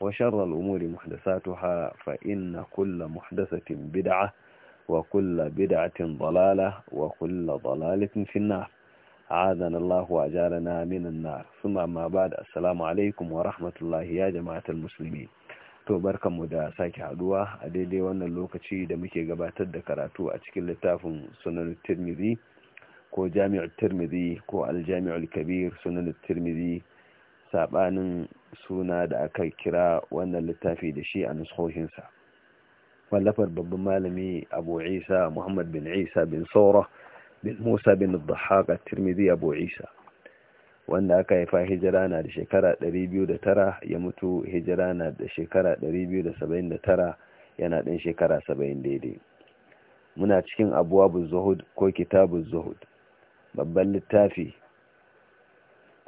وشر الأمور محدثاتها فإن كل محدثة بدعة وكل بدعة ضلالة وكل ضلالة في النار عاذنا الله jara من النار ثم ما بعد السلام عليكم ورحمة الله يا جماعة المسلمين to barkanmu da sake haduwa a daidai wannan lokaci da muke gabatar da karatu a cikin littafin sunan tirmidhi ko jami'ul tirmidhi ko aljami'ul kabir sunan tirmidhi sabanin suna da aka kira wannan littafi da shi a nuskoshinsa wallafar babban malami abu isa muhammad bin isa bin saura bin musa bin dhahaka tirmidhi abu isa wanda aka haifa hijira na da shekara 209 ya mutu hijira na da shekara 279 yana ɗan shekara 70 daidai muna cikin abuwa zuhud ko kitabu zuhud babban littafi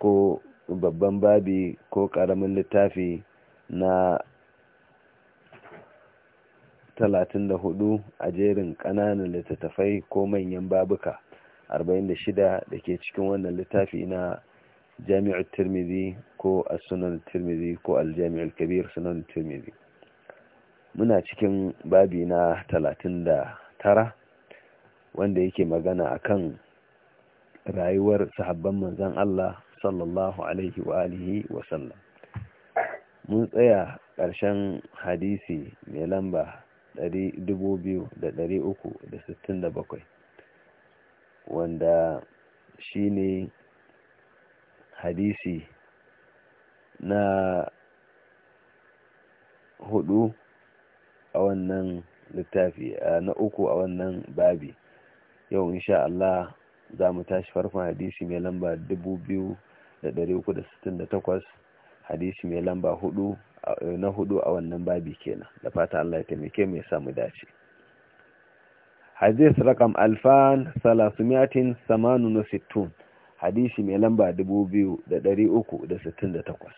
ko babban babi ko ƙaramin littafi na 34 a jerin ƙananan littattafai ko manyan babuka 46 da ke cikin wannan littafi na jami'ar tirmidhi ko sunan tirmidhi ko aljami'ar kabir sunan tirmidhi muna cikin babi na 39 wanda yake magana akan rayuwar sahabban manzan Allah sallallahu alaihi wa alihi wa sallam mun tsaya ƙarshen hadisi mai lamba 2367 wanda shi ne hadisi na hudu a wannan littafi na uku a wannan babi yau insha Allah za mu tashi farkon hadisi mai lamba dubu biyu da 368 hadisi mai lamba hudu eh, na hudu a wannan babi kenan da fata Allah ya taimake mu ya samu dace hadis rakam alfan salasumiyatin samanu na sittun hadisi mai lamba dubu biyu da dari uku da sittin da takwas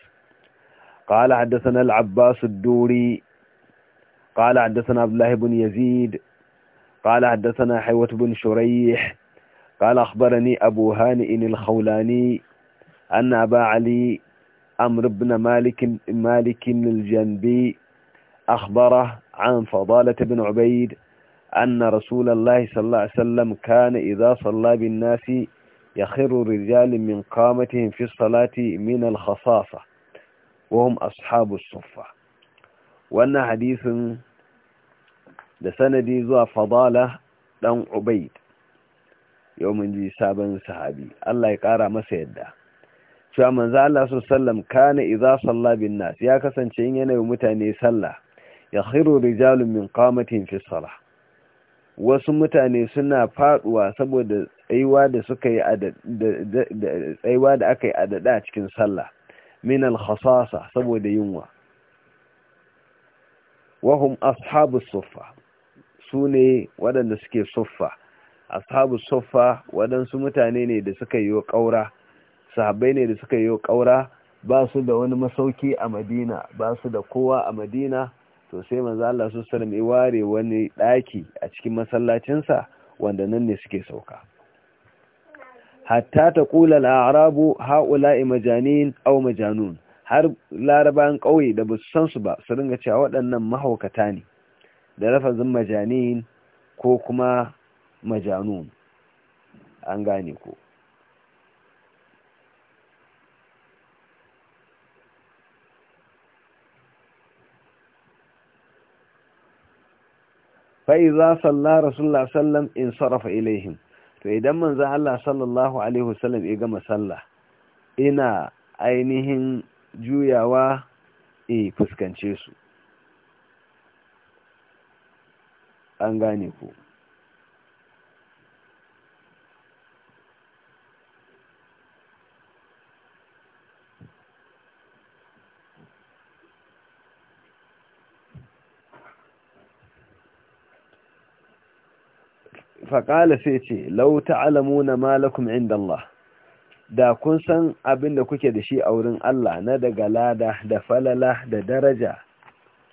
قال حدثنا العباس الدوري قال حدثنا عبد الله بن يزيد قال حدثنا حيوة بن شريح قال أخبرني أبو هانئ الخولاني أن أبا علي أمر بن مالك, مالك الجنبي أخبره عن فضالة بن عبيد أن رسول الله صلى الله عليه وسلم كان إذا صلى بالناس يخر رجال من قامتهم في الصلاة من الخصاصة وهم أصحاب الصفة وأن حديث لسندي ذو فضالة لن عبيد يوم جي سابن صحابي الله يقارى ما cewa manzo Allah sallam kana idza salla bin nas ya kasance yin yanayin mutane sallah ya khiru rijalun min qamatihim fi salah wasu mutane suna faduwa saboda tsayuwa da suka yi tsaiwa da aka yi adada cikin sallah min al-khasasa saboda yunwa wahum ashabu suffa su ne waɗanda suke suffa ashabu suffa waɗansu mutane ne da suka yi ƙaura sahabbai ne da suka yi ƙaura ba su da wani masauki a madina ba su da kowa a madina to sai manzo Allah su sallam ya ware wani ɗaki a cikin masallacinsa wanda nan ne suke sauka hatta ta kula arabu haula'i majanin aw majanun har laraban ƙauye da ba su san su ba su ringa cewa waɗannan mahaukata ne da rafazin majanin ko kuma majanun an gane ko fa'iza salla rasulullah sallam in sarrafa ilaihim to idan za Allah sallallahu alaihi wasallam ya gama salla ina ainihin juyawa in fuskance su an gane ku faƙala sai ce lau alamu na malakum inda Allah da kun san abin da kuke da shi a wurin Allah na daga lada da falala da daraja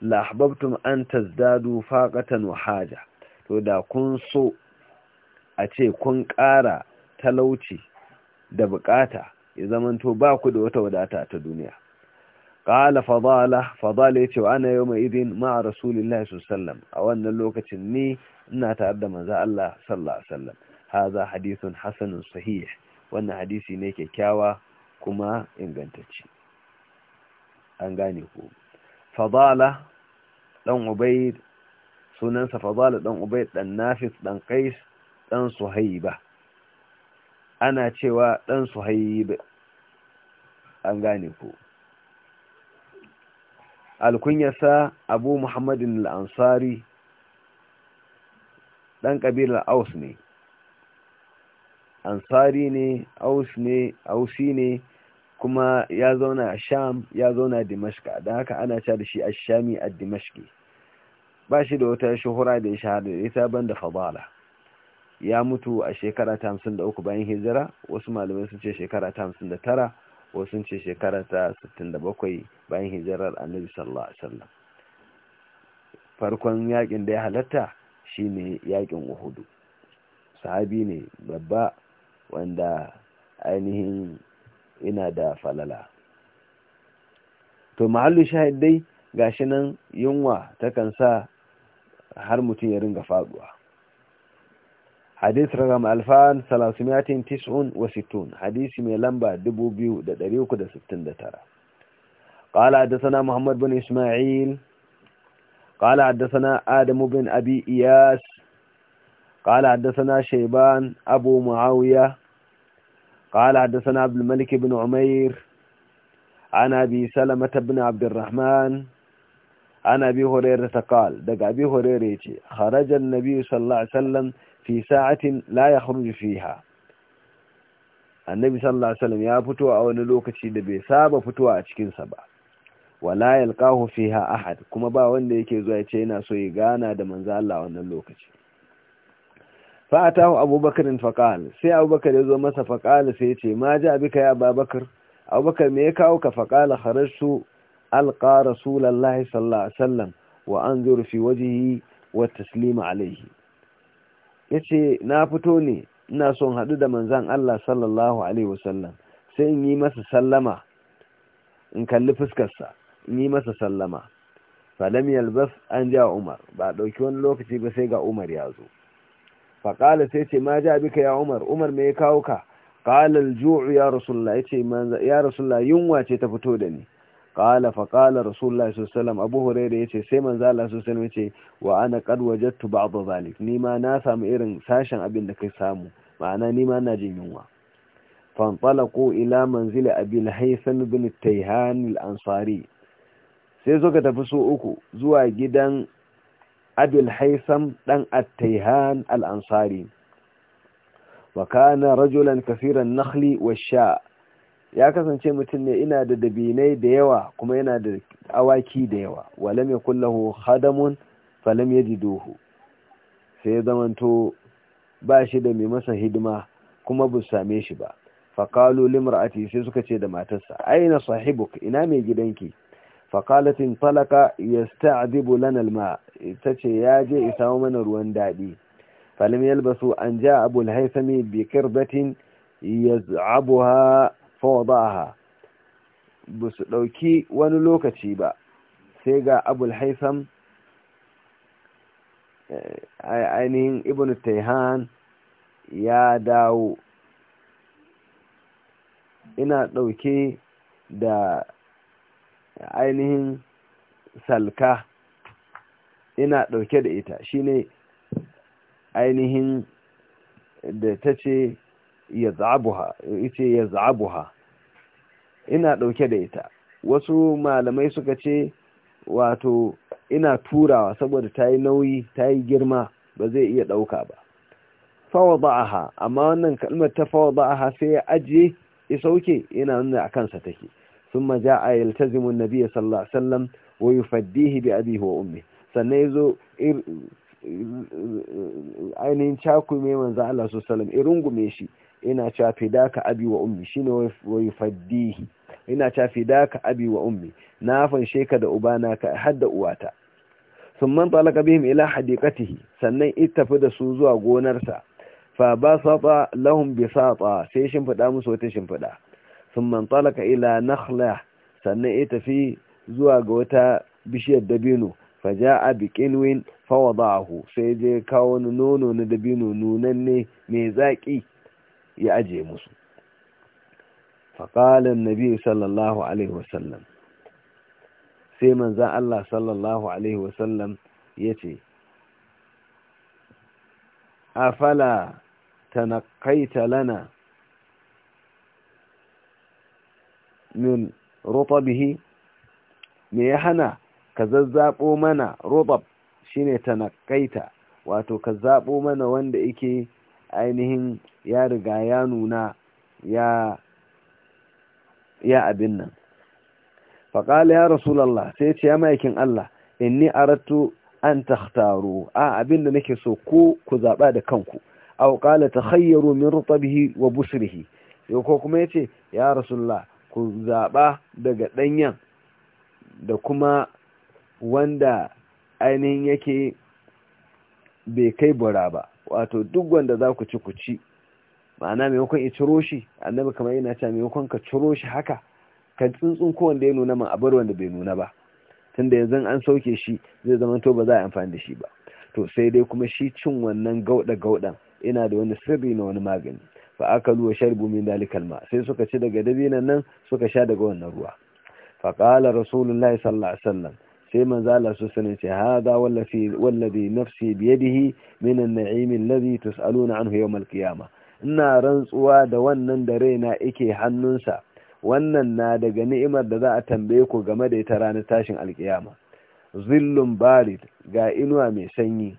lahbabtum an tazdadu faqatan wa haja to da kun so a ce kun ƙara talauci da bukata ya zamanto ba ku da wata wadata ta duniya ƙala fadala fadala ya ce wa ana yau mai idin ma'a rasulillah sallam a wannan lokacin ni ina tare da manza Allah sallallahu alaihi wasallam haza hadithun Hassanun sahih wannan hadisi ne kyakkyawa kuma ingantacci, an gane ku fadala dan ubayd sunansa fadala dan ubayd dan nafis ɗan qais ɗan suhayba ana cewa ɗan suhayb an gane ku alkunyarsa abu muhammadin al'ansari ɗan ƙabilar aus ne ansari ne aus ne ausi ne kuma ya zauna a sham ya zauna a dimashka da haka ana ca da shi a shami a dimashki ba shi da wata shuhura da ya shahada da ita da fabala ya mutu a shekara ta 53 bayan hijira wasu malamai sun ce shekara ta 59 wasu sun ce ta 67 bayan hijirar annabi sallallahu alaihi wasallam farkon yakin da ya halatta shine yakin uhudu sahabi ne babba wanda ainihin ina da falala to mahallu shahid dai shi nan yunwa takan sa har mutum ya ringa faduwa hadis ragam alfan salasumiyatin tis'un wa situn hadisi mai lamba dubu biyu da ɗari uku da sittin da tara ƙala haddasana muhammad bin ismail ƙala haddasana adamu bin abi iyas ƙala haddasana shaiban abu muawiya ƙala haddasana abdulmalik bin umair an abi salamata bin abdurrahman an abi hurairu ta daga abi hurairu ya ce harajar nabi fi sa'atin la yakhruju fiha annabi sallallahu alaihi wasallam ya fito a wani lokaci da bai saba fitowa a cikin sa ba wala yalqahu fiha ahad kuma ba wanda yake zuwa ya ce yana so ya gana da manzo Allah wannan lokaci fa atahu abubakar fa sai abubakar ya zo masa fa qala sai ya ce ma ja bika ya babakar abubakar me ya kawo ka fa qala kharajtu alqa rasulullahi sallallahu alaihi wasallam wa anzur fi wajhihi wa taslima alaihi ya ce na fito ne ina son haɗu da manzan Allah sallallahu Alaihi wasallam sai in yi masa sallama in kalli fuskarsa in yi masa sallama falam yalbas an ja umar ba ɗauki wani lokaci ba sai ga umar ya zo faƙala sai ce ma ja bika ya umar umar me ya kawo ka ƙalal ju'u ya rasulla ya ce ya rasulla yunwa ce ta fito da ni qala fa qala rasulullahi sallallahu abu hurairah yace sai manzo Allah sallallahu alaihi yace wa ana qad wajadtu ba'd zalik ni ma na samu irin sashen abin da kai samu ma'ana ni ma na jin yunwa fanṭalaqu ila manzili abi al-haytham ibn tayhan al-ansari sai suka tafi su uku zuwa gidan abi al-haytham dan at-tayhan al-ansari wa kana rajulan kaseeran nakhli wa sha ya kasance mutum ne ina da dabinai da yawa kuma yana da awaki da yawa walam ya kullahu hadamun falam ya dohu sai ya zamanto ba shi da mai masa hidima kuma bu same shi ba faƙalu limra'ati sai suka ce da matarsa aina sahibuk ina mai gidanki faƙalatin falaka ya sta'adibu lanal ma ita ce ya je isa mana ruwan daɗi falam yalbasu an ja abul haisami bi kirbatin yaz'abuha fawadaha ba su ɗauki wani lokaci ba sai ga abul haifam eh, ainihin ibn taihan ya dawo ina ɗauke da ainihin salka ina ɗauke da ita shine ainihin da ta ce yaz'abuha yace yaz'abuha ina ɗauke da ita wasu malamai suka ce wato ina turawa saboda tayi nauyi tayi girma ba zai iya ɗauka ba fawada'aha amma wannan kalmar ta fawada'aha sai ya ajiye ya sauke yana nuna a kansa take thumma ja'a yaltazimu an-nabiy sallallahu alaihi wasallam wa yufaddihi bi abihi wa ummi sannan yazo ainihin cakume manzo Allah sallallahu alaihi wasallam irungume shi ina cewa fidaka abi wa ummi shine wai faddihi ina cewa fidaka abi wa ummi na fanshe ka da ubana ka hadda uwata sun man talaka bihim ila hadiqatihi sannan itafi da su zuwa gonarsa fa basata lahum bisata sai shimfida musu wata shimfida sun man talaka ila nakhla sannan ittafi zuwa ga wata bishiyar dabino fa ja'a biqinwin fa wada'ahu sai je kawo nono na dabino nunanne mai zaki ياجي مسلم فقال النبي صلى الله عليه وسلم سيما زى الله صلى الله عليه وسلم يتي افلا تنقيت لنا من رطبه ميحنا كذاب امنا رطب شنو تنقيت واتو كذاب امنا وندئكي ainihin ya riga ya nuna ya abin nan faƙali ya rasulallah sai ce ya maikin Allah inni aratu an takhtaru a abin da nake so ko ku zaɓa da kanku au ƙala ta hayyaru min rutabihi wa yau ko kuma ya ce ya rasulallah ku zaɓa daga ɗanyen da kuma wanda ainihin yake bai kai bura ba wato duk wanda za ku ci ku ci ma'ana maimakon ya ciro shi annabi kamar yana cewa maimakon ka ciro shi haka ka tsuntsun ko wanda ya nuna min abar wanda bai nuna ba tunda yanzu an sauke shi zai zama to ba za a amfani da shi ba to sai dai kuma shi cin wannan gauda gauɗan ina da wani sirri na wani magani fa akalu wa sharbu min dalikal ma sai suka ci daga dabinan nan suka sha daga wannan ruwa fa qala rasulullahi sallallahu alaihi wasallam sai manzo Allah su sani ce hada wallafi wallazi nafsi biyadihi min an-na'im alladhi tus'aluna anhu yawm al ina rantsuwa da wannan da raina yake hannunsa wannan na daga ni'imar da za a tambaye ku game da ita ranar tashin alkiyama zillun barid ga inuwa mai sanyi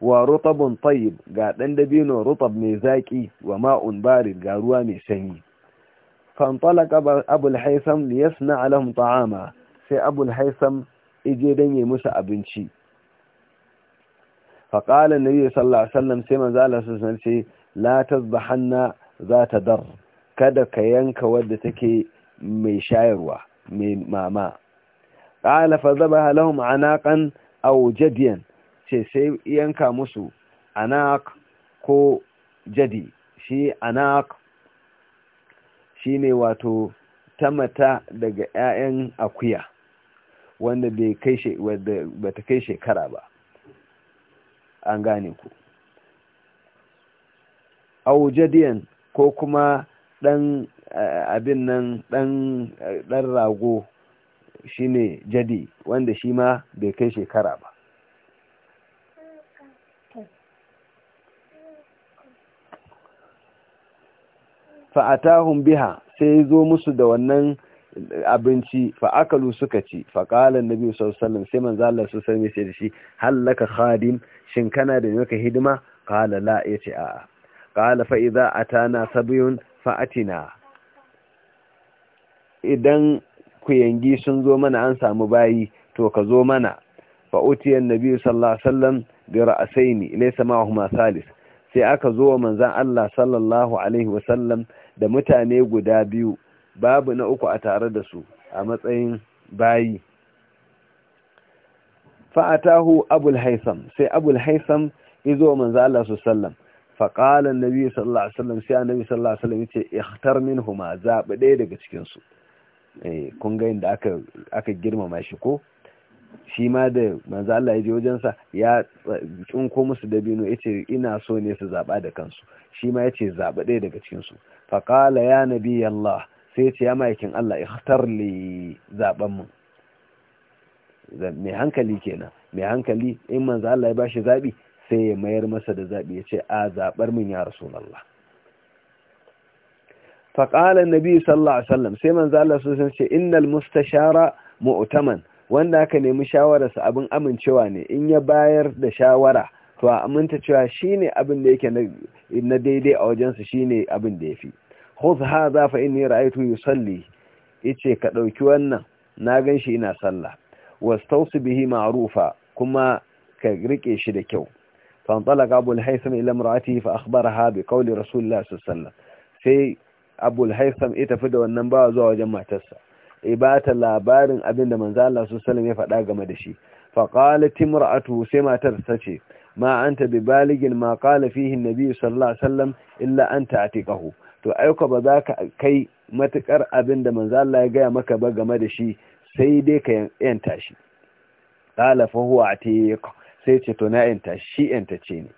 wa rutabun tayyib ga dan dabino rutab mai zaki wa ma'un barid ga ruwa mai sanyi talaka abul haisam liyasna lahum ta'ama sai abul haisam ije don yi musu abinci faƙalar nabi sallallahu alaihi sallam sai manzo zala su san ce la hanna za ta dar kada ka yanka wadda take mai shayarwa mai mama Ƙala fa halahu ma'ana anaqan aw jadiyan ce sai yanka musu anak ko jadi shi anak shine wato ta mata daga 'ya'yan akuya wanda kai ba ta kai shekara ba an gane ku aujadiyan ko kuma ɗan eh, abin nan eh, ɗan rago shine jadi wanda shi ma bai kai shekara ba fa'atahun biha sai zo musu da wannan abinci fa akalu suka ci fa qala annabi sallallahu alaihi wasallam sai manzo Allah sallallahu alaihi wasallam ya ce da shi hallaka khadim shin kana da maka hidima qala la yace a qala fa idza atana sabiyun fa atina idan ku yangi sun zo mana an samu bayi to ka zo mana fa utiya annabi sallallahu alaihi wasallam bi ra'saini laysa ma'ahuma salis sai aka zo wa Allah sallallahu alaihi wasallam da mutane guda biyu babu na uku a tare da su a matsayin bayi fa'atahu abul haisam sai abul haisam izo manzo Allah su sallam qala nabi sallallahu alaihi wasallam sai annabi sallallahu alaihi wasallam yace ikhtar minhuma zabi ɗaya daga cikin su eh kun ga inda aka aka girmama shi ko shi ma da manzo Allah ya je wajen sa ya tsinko musu dabino yace ina so ne su zaba da kansu shi ma yace zabi ɗaya daga cikin su faƙala ya nabi sai ce ya ma'aikin Allah hatar li zaben mu mai hankali kenan mai hankali in manzo Allah ya bashi zaɓi? sai ya mayar masa da zaɓi ya ce a zaɓar min ya rasulallah. faƙala qala sallallahu alaihi wasallam sai manzo Allah san ce innal mustashara mu'taman wanda aka nemi shawararsa abin amincewa ne in ya bayar da shawara to a aminta cewa shine abin da yake na daidai a wajensa shine abin da ya fi. khudh hadha fa inni ra'aytu yusalli yace ka ɗauki wannan na ganshi ina sallah wastawsi bihi ma'rufa kuma ka riƙe shi da kyau فانطلق أبو الهيثم إلى امرأته فأخبرها بقول رسول الله صلى sai abul haifam ya da wannan bawa zuwa wajen matarsa ibata labarin abinda da manzo Allah sallallahu ya faɗa game da shi fa qalat imra'atu sai matar ta ce ma anta bi baligin ma qala fihi an-nabi sallallahu alaihi wasallam illa anta to aiko ba za ka kai matukar abin da manzo Allah ya gaya maka ba game da shi sai dai ka yanta shi qala fa huwa atiq sai ce to na yanta shi yanta ce ne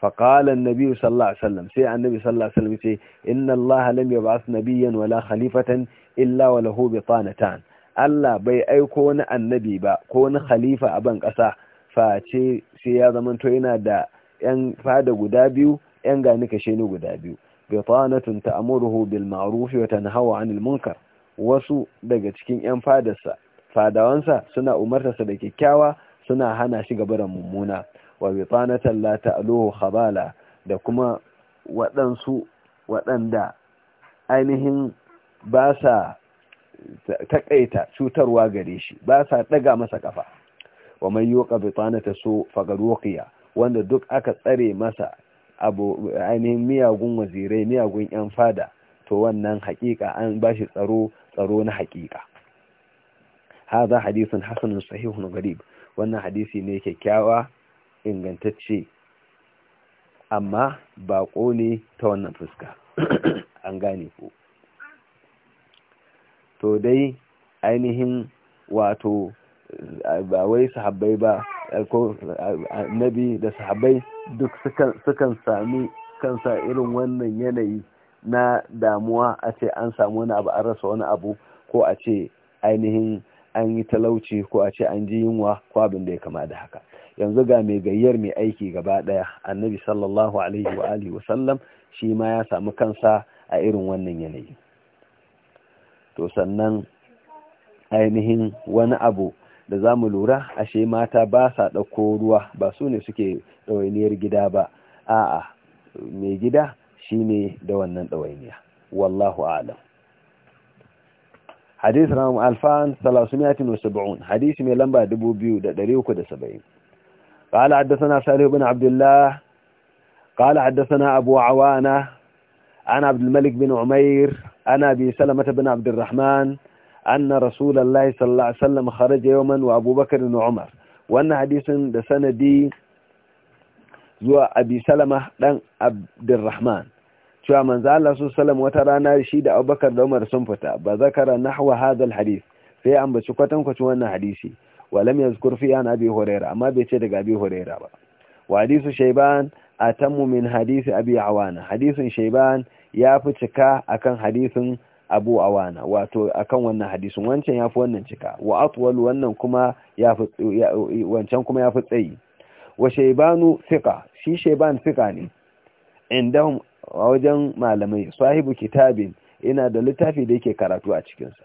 fa qala annabi sallallahu alaihi wasallam sai annabi sallallahu alaihi wasallam ce inna Allah lam yab'ath nabiyyan wala khalifatan illa wa lahu bitanatan Allah bai aiko wani annabi ba ko wani khalifa a ban ƙasa face sai ya zamanto yana da ‘yan fada guda biyu, ‘yan gani kashe ni guda biyu, bitanatun ta'muruhu bil ma'ruf wa tanhawa 'anil munkar wasu daga cikin yan fadarsa fadawansa suna umartarsa da kyakkyawa suna hana shi gabaran mummuna wa bitanatan la ta'luhu khabala da kuma waɗansu waɗanda ainihin ba sa taƙaita cutarwa gare shi ba sa ɗaga masa ƙafa wa mai wa ƙabitana ta so fagarokiya wanda duk aka tsare masa abu ainihin miyagun wazirai miyagun yan fada to wannan hakika an bashi tsaro tsaro na haƙiƙa haza hadisin hasanun sahihun garib wannan hadisi ne kyakkyawa ingantacce amma ba ne ta wannan fuska an gane ku to dai ainihin wato ba wai sahabbai ba annabi da sahabai duk sukan sami kansa irin wannan yanayi na damuwa a ce an samu wani abu an rasa wani abu ko a ce ainihin an yi talauci ko a ce an ji yunwa ko abin da ya kama da haka yanzu ga mai gayyar mai aiki gaba daya annabi sallallahu alaihi wa alihi wa sallam shi ma ya samu kansa a irin wannan yanayi to sannan ainihin wani abu da za mu lura ashe mata ba sa ɗauko ruwa ba su ne suke ɗawainiyar gida ba a'a mai gida shine da wannan ɗawainiya wallahu alam hadith ram alfan ba'un. hadith mai lamba 2370 qala haddathana salih ibn abdullah qala haddathana abu awana ana abd bin umair ana bi salamah ibn abd anna rasulullahi sallallahu alaihi wasallam kharaja yawman wa abubakar da umar wannan hadisin da sanadi zuwa abi dan abdurrahman cewa Manzala Allah su wata ranar shida abubakar da umar sun fita ba zaka nahwa hadal hadis sai an ya ambaci kwatankwacin wannan hadisi wa lam yazkur fi an amma bai ce daga abi hurairah ba wa hadisu shayban atammu min hadisi abi awana hadisin shaiban ya fi cika akan hadisin abu awana wato akan wannan hadisin wancan yafi wannan cika wa atwal wannan kuma yafi wancan kuma yafi tsayi wa shaybanu thiqa shi shaiban thiqa ne indahum wajen malamai sahibu kitabin ina da littafi da yake karatu a cikin sa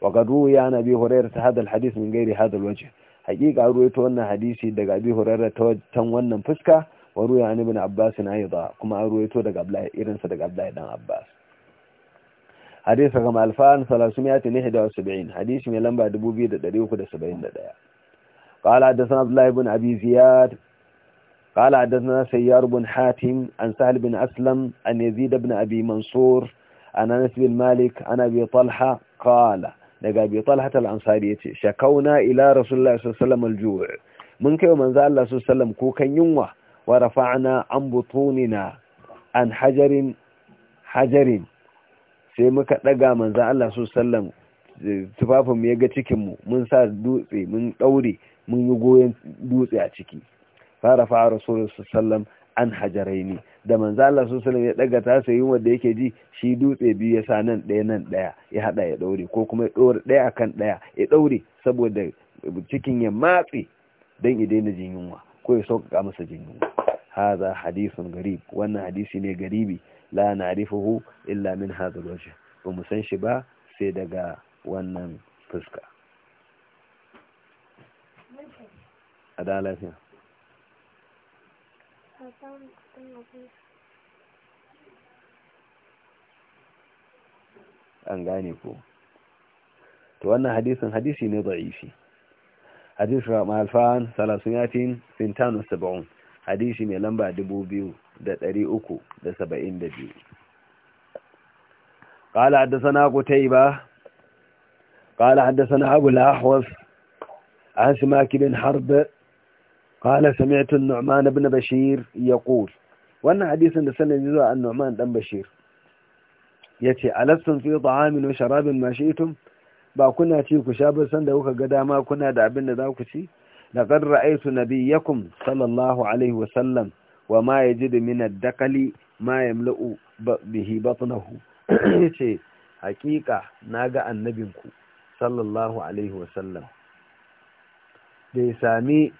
wa gadu ya nabi hurairah ta hadal hadis min gairi hadal waje haqiqa ruwaito wannan hadisi daga abi hurairah ta tan wannan fuska wa ruwaya ibn abbas na kuma ruwaito daga abdullahi irinsa daga abdullahi dan abbas hadis rakam alfan 371 hadis mai lamba 2371 qala hadathana abdullah ibn abi ziyad قال حدثنا سيار بن حاتم عن سهل بن أسلم عن يزيد بن أبي منصور عن أنس بن مالك عن أبي طلحة قال لقى أبي طلحة الأنصارية شكونا إلى رسول الله صلى الله عليه وسلم الجوع من كي ومن ذا الله صلى الله عليه وسلم كوكا ينوى ورفعنا عن بطوننا عن حجر حجر sai muka ɗaga manzan Allah su sallam eh, tufafinmu ya ga cikinmu mun sa dutse mun ɗaure mun yi goyon dutse a ciki fara fara su sallam an hajarai ne da manzan Allah su sallam ya ɗaga ta sayi wanda yake ji shi dutse biyu ya sa nan ɗaya nan ɗaya ya haɗa ya ɗaure ko kuma ya ɗaure ɗaya akan ɗaya ya ɗaure saboda cikin ya matse don ya daina jin yunwa ko ya sauƙaƙa masa jin yunwa haza hadisun garib wannan hadisi ne garibi la na'rifuhu illa min hadha alwajh ba mu san shi ba sai daga wannan fuska an gane ko to wannan hadisin hadisi ne da'ifi hadisi ma alfan 370 hadisi mai lamba 2000 da ɗari uku da saba'in da biyu قال حدثنا قتيبة قال حدثنا أبو الأحوص عن سماك بن حرب قال سمعت النعمان بن بشير يقول وأن حديث سنة جزء النعمان بن بشير يتي ألستم في طعام وشراب ما شئتم ba kuna ci ku sha ba sanda kuka ga dama kuna da abin da za ku ci laqad ra'aytu nabiyyakum sallallahu alaihi wa sallam wa ma ya ji da minar dakali ma ya mla'u bihi batnahu yace hakika ga annabinku sallallahu alaihi wasallam da ya sami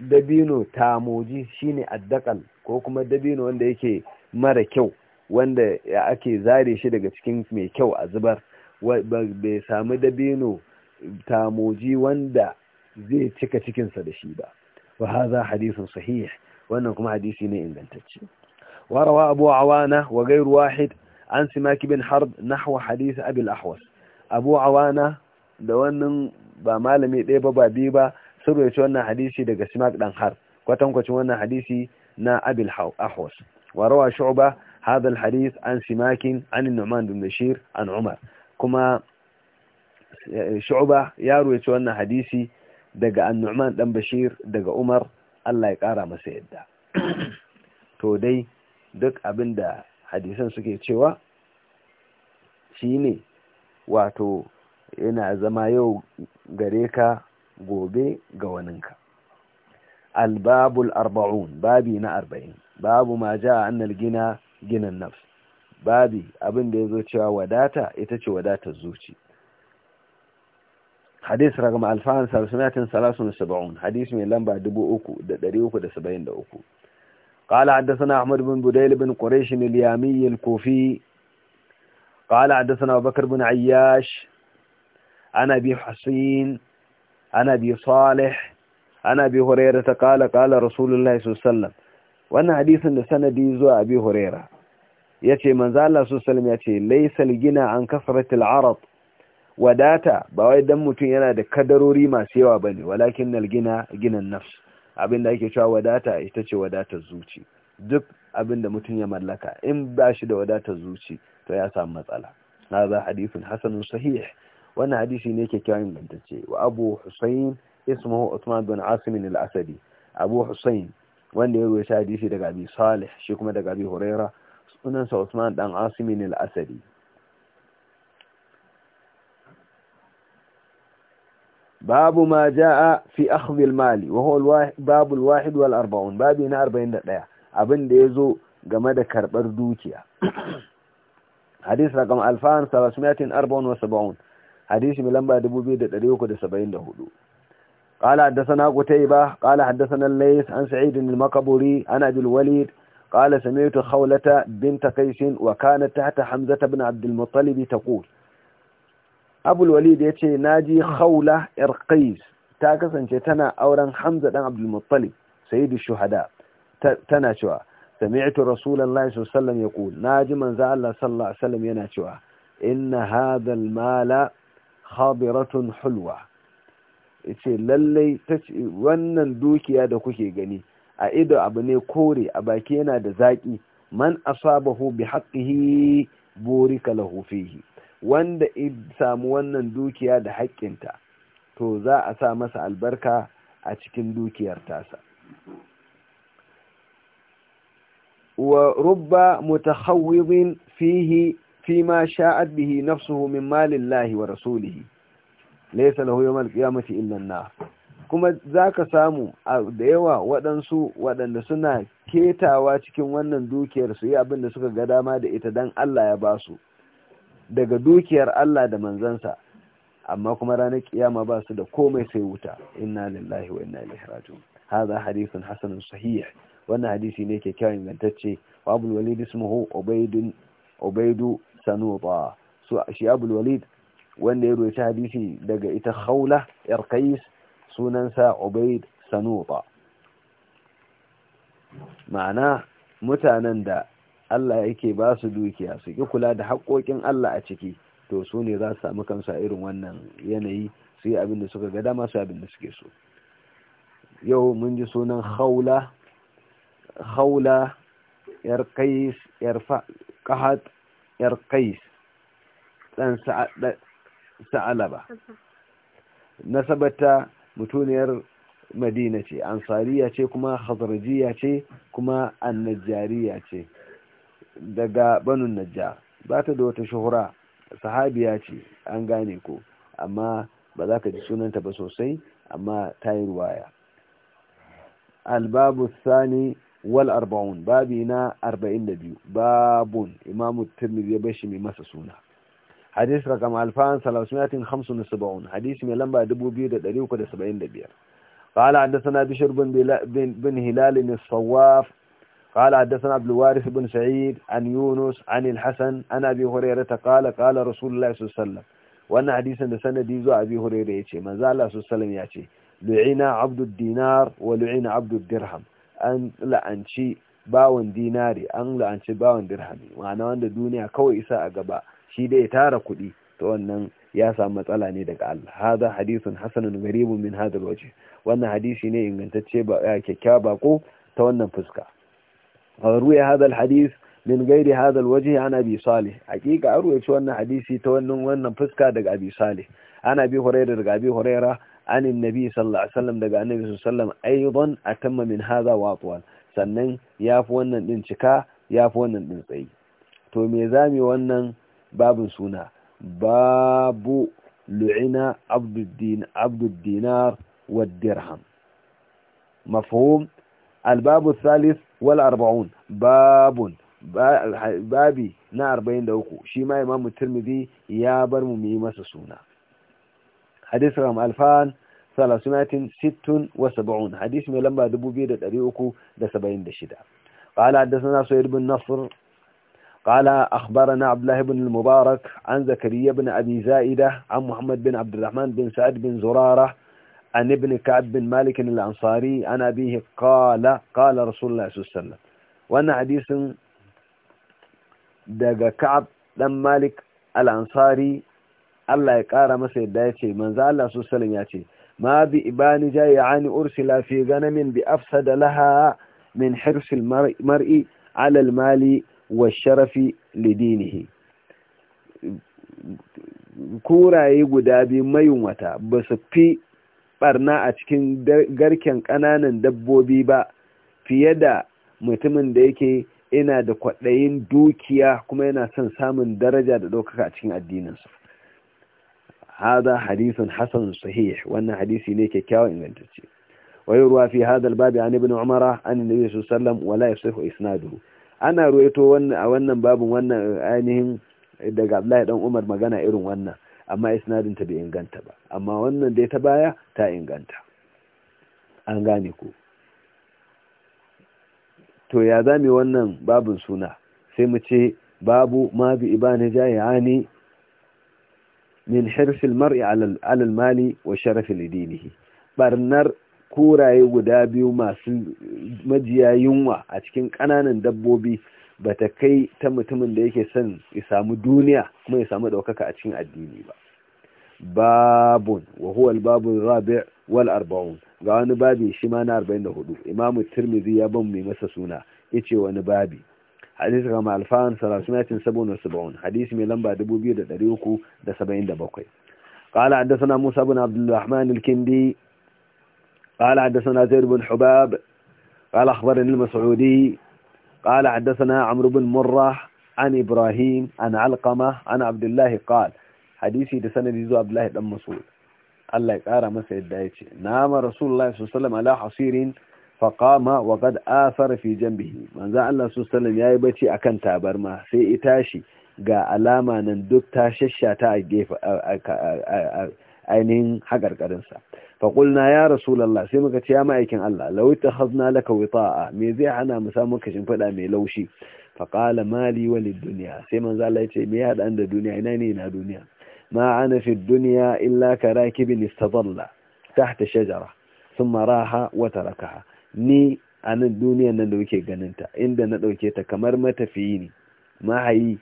dabino tamoji shine addakal ko kuma dabino wanda yake mara kyau wanda ake zare shi daga cikin mai kyau a zubar bai sami dabino tamoji wanda zai cika cikinsa da shi ba wa hadha hadithun sahih wannan kuma hadisi ne ingantacce wa rawa abu awana wa ghayr wahid an simaki bin harb nahwa hadith abi al-ahwas abu awana da wannan ba malami ɗaya ba babi biyu ba sun rawaito wannan hadisi daga simak dan harb kwatankwacin wannan hadisi na abi al-ahwas wa rawa shu'ba hadha al-hadith an simak an nu'man bin bashir an umar kuma shu'ba ya rawaito wannan hadisi daga annu'man dan bashir daga umar Allah ya kara masa yadda to dai duk abin da hadisan suke cewa shine wato yana zama yau gare ka gobe ga waninka albabul arba'un babi na arba'in babu ma ja annal gina ginan nafs babi abin da ya zo cewa wadata ita ce wadatar zuci حديث رقم alfan حديث من لمبا 3373 قال حدثنا احمد بن بديل بن قريش اليامي الكوفي قال حدثنا أبو بكر بن عياش انا ابي حسين انا ابي صالح انا ابي هريره قال قال رسول الله صلى الله عليه وسلم وأن حديث سندي زو ابي هريره يتي من ذا الله صلى الله عليه وسلم يتي ليس الجنى عن كثرة العرض wadata ba wai dan mutum yana da kadarori masu yawa ba ne, walakin nalgina ginan nafs abinda ake cewa wadata ita ce wadatar zuci duk abin da mutum ya mallaka in ba shi da wadatar zuci to ya samu matsala Na za hadisin hasanun sahih wannan hadisi ne kyakkyawan ingantacce wa abu husayn ismuhu usman bin asim al-asadi abu husayn wanda ya rubuta hadisi daga abi salih shi kuma daga abi huraira sunansa usman dan asim al-asadi babu maja ja'a fi akhdhi al-mali wa huwa al-babu al-wahid wal 40 babu na 41 abin da yazo game da karbar dukiya hadis rakam 2374 hadisi mai lamba 2374 قال حدثنا قتيبة قال حدثنا الليث عن سعيد المقبوري عن أبي الوليد قال سمعت خولة بنت قيس وكانت تحت حمزة بن عبد المطلب تقول abul walid ya ce na ji yar qais ta kasance tana auren hamza dan abdul muttalib sayyidu shuhada tana cewa sami'tu rasulullahi sallallahu alaihi wasallam yaqul naji manzo Allah sallallahu alaihi wasallam yana cewa inna hadha al khabiratun hulwa yace lallai wannan dukiya da kuke gani a ido abu ne kore a baki yana da zaki man asabahu bi burika lahu fihi wanda samu wannan dukiya da haƙƙinta to za a sa masa albarka a cikin dukiyar tasa wa rubba mutahawwidin fihi ma sha'at bihi nafsuhu min malillahi wa rasulihi laysa lahu al qiyamati illa an-nar kuma zaka samu da yawa waɗansu waɗanda suna ketawa cikin wannan dukiyar su yi abin da suka ga dama da ita dan Allah ya basu daga dukiyar Allah da manzansa amma kuma ranar kiyama ba su da komai sai wuta inna lillahi wa inna ilaihi raji'un hadha hadithun hasanun sahih wannan hadisi ne kyakkyawan gantacce wa abul walid ismuhu ubaidun ubaidu sanuba su shi abul walid wanda ya ruwaita hadisi daga ita khawla yar qais sunansa ubaid sanuba ma'ana mutanen da Allah yake ba su dukiya su ki kula da haƙoƙin Allah a ciki to su ne za su samu kansu a irin wannan yanayi su yi abin da suka ga dama su abin da suke so yau mun ji sunan haula haula yar kais yar qahat yar kais dan sa'alaba nasabata mutuniyar madina ce ansariya ce kuma hazarjiya ce kuma annajariya ce daga banun najja ba ta da wata shahura sahabiya ce an gane ko amma ba za ka ji sunanta ba sosai amma ta yi ruwaya albabu sani wal arba'un babi na arba'in da biyu babun imamu tirmidhi ya bashi mai masa suna hadis rakam alfan salasunatin hamsin saba'un hadis mai lamba dubu biyu da ɗari uku da saba'in da biyar قال حدثنا بشر بن, بن هلال الصواف قال حدثنا عبد الوارث بن سعيد عن يونس عن الحسن عن أبي هريرة قال قال رسول الله صلى الله عليه وسلم وأن حديثا لسنة ديزو أبي هريرة يتشي من زال الله صلى الله عليه وسلم يتشي لعنا عبد الدينار ولعنا عبد الدرهم أن لأنشي باون ديناري أن لأنشي باون درهمي وأنا وأن الدنيا كوي إساء قبا شي دي تارك لي تؤنن ya samu matsala ne daga Allah hada hadithun hasanun garibun min hadal waje wannan hadisi ne ingantacce ba kyakkyawa bako ta wannan fuska روي هذا الحديث min gairi hadal waje an abi salih hakika an ruwaci wannan hadisi ta wannan wannan fuska daga abi salih an abi hurairah daga abi hurairah an annabi sallallahu alaihi wasallam daga annabi sallallahu alaihi wasallam aidan atamma min hadha wa atwal sannan yafi wannan din cika yafi wannan din tsayi to me zami wannan babin suna babu lu'ina abduddin abduddinar wad dirham mafhum al babu thalith wal arba'un babun babi na uku shi ma imamu tirmidhi ya bar mu yi masa suna hadis ram alfan salasunatin saba'un hadis mai lamba 2376 قال حدثنا سعيد بن نصر قال أخبرنا عبد الله بن المبارك عن زكريا بن أبي زائدة عن محمد بن bin الرحمن بن سعد بن زرارة عن ابن كعب بن مالك الأنصاري عن أبيه قال قال رسول الله صلى الله عليه وسلم وأن حديث دقى كعب بن مالك الأنصاري الله يقار مسيد دايتي من ذا الله صلى الله عليه وسلم ياتي ما بإبان جاي يعني أرسل في غنم بأفسد لها من حرص المرء على المال والشرف لدينه kuraye guda biyu mayunwata ba su barna a cikin garken ƙananan dabbobi ba fiye da mutumin da yake ina da kwaɗayin dukiya kuma yana son samun daraja da ɗaukaka a cikin addininsu hada hadisun Hassan sahih wannan hadisi ne kyakkyawan ingantacce wai ruwa fi hadal babi an ibn umara an nabi sallam wala yusifu isnaduhu ana ruwaito wannan a wannan babin wannan ainihin daga Abdullahi dan Umar magana irin wannan amma isnadin ta bai inganta ba amma wannan da ta baya ta inganta an gane ku to ya zame wannan babun suna sai mu ce babu ma bi ibani jayani min hirsil mar'i alal mali wa sharafin dinihi barnar kuraye guda biyu masu majiya yunwa a cikin ƙananan dabbobi ba ta kai ta mutumin da yake son ya samu duniya kuma ya samu ɗaukaka a cikin addini ba babun wa huwa al-babu rabi' wal arba'un ga wani babi shi ma na 44 imamu tirmidhi ya ban mai masa suna yace wani babi hadisi kama alfan salasunatin sabon sabon hadisi mai lamba 2377 قال Musa موسى بن al-Kindi, الكندي قال حدثنا زيد Hubab, حباب قال al-Mas'udi, قال حدثنا عمرو بن مره عن ابراهيم عن علقمه عن عبد الله قال حديثي ده سنه دي زو عبد الله بن مسعود الله يقرا مسا يدا يجي نام رسول الله صلى الله عليه وسلم على حصير فقام وقد اثر في جنبه من ذا الله صلى الله عليه وسلم ياي اكن تبرما سي اي ga alama nan duk ta shashata a gefe ainihin haƙarƙarinsa na ya rasulallah sai muka ce ya ma'aikin Allah lawita hazna laka wita'a me zai hana mu samu kashin faɗa mai laushi faƙala mali wani duniya sai manzo Allah ya ce me ya da duniya ina ne na duniya ma ana fi duniya illa ka rakibin istadalla tahta shajara thumma raha wa tarakaha ni a nan duniya nan da muke ganinta inda na ɗauke ta kamar matafiyi ne mahayi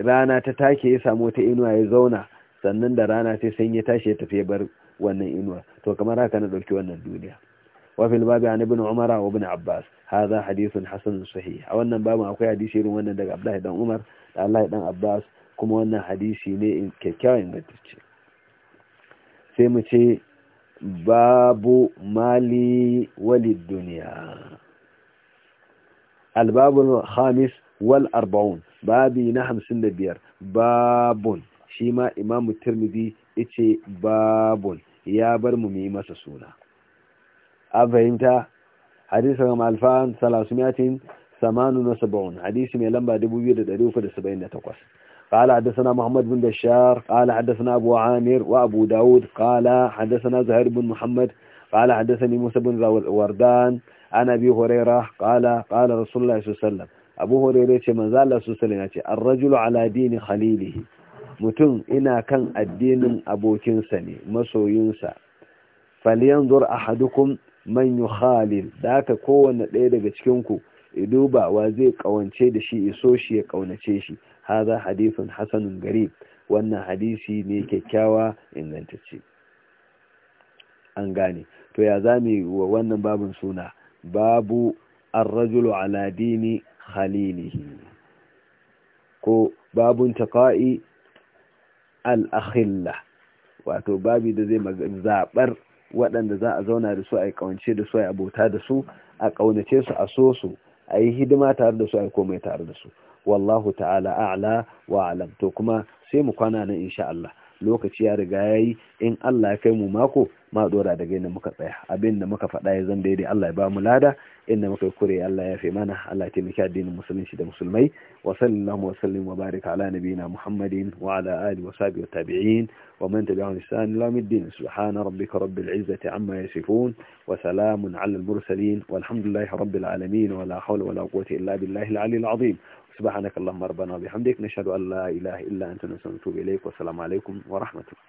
rana ta take ya samu wata inuwa ya zauna sannan da rana sai ya tashi ya tafi bar wannan inuwa to kamar haka na ɗauki wannan duniya wa fil babi an ibn umar wa ibn abbas hadha hadithun hasan sahih a wannan babu akwai hadisi irin wannan daga abdullahi dan umar da allah dan abbas kuma wannan hadisi ne in kyakkyawan ingantacce sai mu ce babu mali walid duniya albabul khamis wal arba'un babi na hamsin da biyar babun shi ma imamu tirmidhi ya ce babun ya bar mu mai masa suna a fahimta hadisun alfahan salasu miyatin samanu na sabon! hadisun mai lamba 2378 kala haddasa muhammad bin dashar kala haddasa na abuwa amir wa abu dawud kala haddasa na zahar bin muhammad kala haddasa ne musa bin wardan ana bi horaira kala kala rasulullah su sallam abu horaira ce manzala su sallam ya ce an rajulu ala dini khalilihi mutum ina kan addinin abokinsa ne masoyinsa falyanzur ahadukum man yukhalil da haka kowanne ɗaya daga cikinku. ku wa zai kawance da shi iso shi ya kaunace shi haza hadisin hasanun gari. wannan hadisi ne kyakkyawa ingantacce an gane to ya yi wa wannan babin suna babu arrajulu ala dini khalilihi ko babun taqa'i al'akhilla wato babi da zai zaɓar waɗanda za a zauna da su a yi ƙawance da su a yi abota da su a ƙaunace su a so su a yi hidima tare da su a komai tare da su wallahu ta'ala a'ala wa alam to kuma sai mu kwana nan insha Allah lokaci ya riga ya yi in Allah ya kai mu mako ma dora daga inda muka tsaya abin da muka faɗa ya zan daidai Allah ya ba mu lada inda muka kure Allah ya fi mana Allah ya taimaki addinin musulunci da musulmai wa sallallahu wa sallim wa barika ala nabiyina Muhammadin wa ala alihi wa sahbihi wa tabi'in wa man tabi'ahum ila yawmiddin subhana rabbika rabbil izzati amma yasifun wa salamun ala al mursalin walhamdulillahi rabbil alamin wa la hawla wa la quwwata illa billahi al aliyyil azim سبحانك اللهم ربنا وبحمدك نشهد أن لا إله إلا أنت نستغفرك إليك والسلام عليكم ورحمة الله